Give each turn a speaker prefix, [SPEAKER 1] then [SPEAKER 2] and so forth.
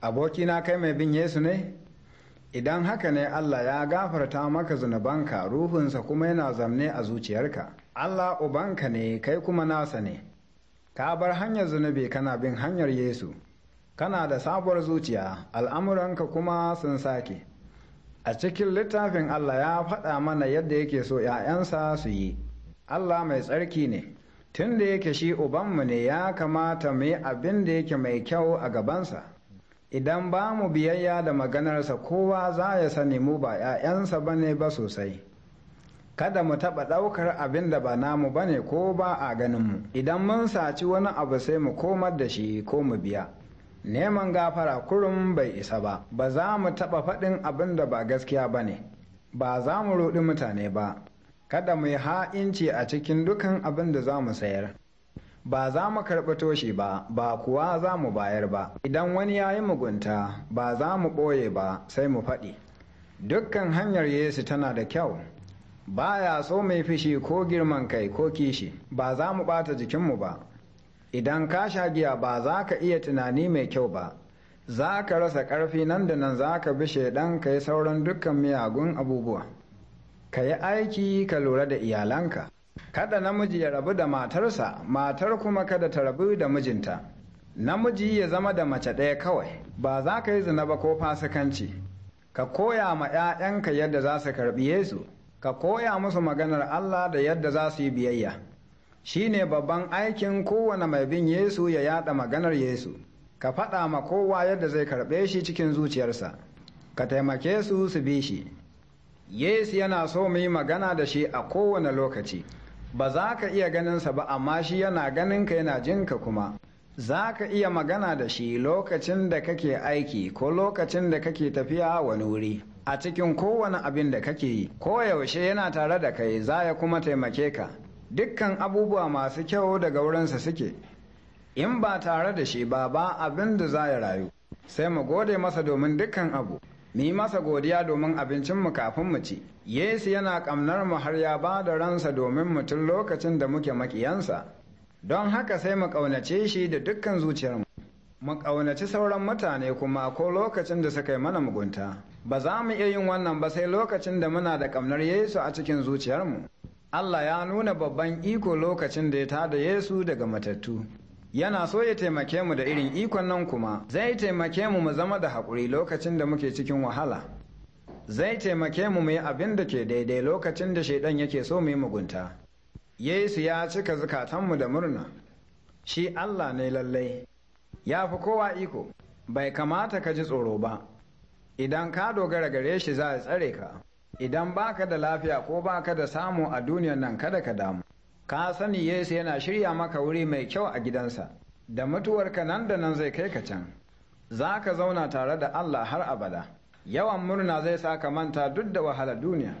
[SPEAKER 1] abokina kai mai bin yesu ne idan haka ne allah ya gafarta maka zunubanka ruhunsa kuma yana zamne a zuciyarka allah ubanka ne kai kuma nasa ne ka bar hanyar zunubi kana bin hanyar yesu kana da sabuwar zuciya al'amuranka kuma sun sake a cikin littafin allah ya faɗa mana yadda yake so 'ya'yansa su yi allah mai tsarki ne tun da yake shi ubanmu ne ya kamata mu yi abin da yake mai kyau a gabansa idan ba mu biyayya da maganarsa kowa za ya sani mu ba 'ya'yansa ba ne ba sosai kada mu taɓa ɗaukar abin da ba namu ba ne ko ba a ganinmu idan mun saci wani abu sai mu komar da shi ko mu biya neman gafara kurum bai isa ba ba za mu taɓa faɗin abin da ba gaskiya ba ne ba za mu roɗi mutane ba kada mu yi ha'inci a cikin dukan abin da za mu sayar ba za mu karɓi toshi ba ba kuwa za mu bayar ba idan wani ya yi mugunta ba za mu ɓoye ba sai mu faɗi dukkan hanyar yesu tana da kyau ba ya so mai fishi ko girman kai ko kishi ba za mu ɓata jikinmu ba idan ka sha giya ba za ka iya tunani mai kyau ba za ka rasa ƙarfi nan da nan za ka bi shaidan ka yi sauran dukkan miyagun abubuwa ka yi aiki ka lura da iyalanka kada namiji ya rabu da matarsa matar kuma kada ta rabu da mijinta namiji ya zama da mace ɗaya kawai ba za ka yi zina ba ko fasikanci ka koya ma 'ya'yanka yadda za su karɓi yesu ka koya musu maganar allah da yadda za su yi biyayya shi ne babban aikin kowane mai bin yesu ya yada maganar yesu ka faɗa ma kowa yadda zai karɓe shi cikin zuciyarsa ka taimake su su bi shi yesu yana so mu yi magana da shi a kowane lokaci ba za ka iya ganinsa ba amma shi yana ganinka yana jinka kuma za ka iya magana da shi lokacin da kake aiki ko lokacin da kake tafiya wani wuri a cikin kowane abin da kake yi Ko yaushe yana tare da kai za ya kuma taimake ka dukkan abubuwa masu kyau daga wurinsa suke in ba tare da shi ba ba abin da za ya rayu sai mu gode masa domin dukkan abu mu yi masa godiya domin abincinmu kafin mu ci yesu yana ƙamnar mu har ya ba da ransa domin mu tun lokacin da muke makiyansa don haka sai mu ƙaunace shi da dukkan zuciyarmu mu ƙaunaci sauran mutane kuma ko lokacin da suka yi mana mugunta ba za mu iya yin wannan ba sai lokacin da muna da ƙamnar yesu a cikin zuciyarmu allah ya nuna babban iko lokacin da ya tada yesu daga matattu yana so ya taimake mu da irin ikon nan kuma zai taimake mu mu zama da haƙuri lokacin da muke cikin wahala zai taimake mu mu yi abin da ke daidai lokacin da shaidan yake so mu yi mugunta yesu ya cika zukatanmu da murna shi allah ne lallai ya fi kowa iko bai kamata ka ji tsoro ba idan ka dogara gare shi za a tsare ka idan baka da lafiya ko baka da samu a duniyar nan kada ka damu ka sani yesu yana shirya maka wuri mai kyau a gidansa da mutuwarka nan da nan zai kai ka can za ka zauna tare da allah har abada yawan murna zai sa ka manta duk da wahala duniya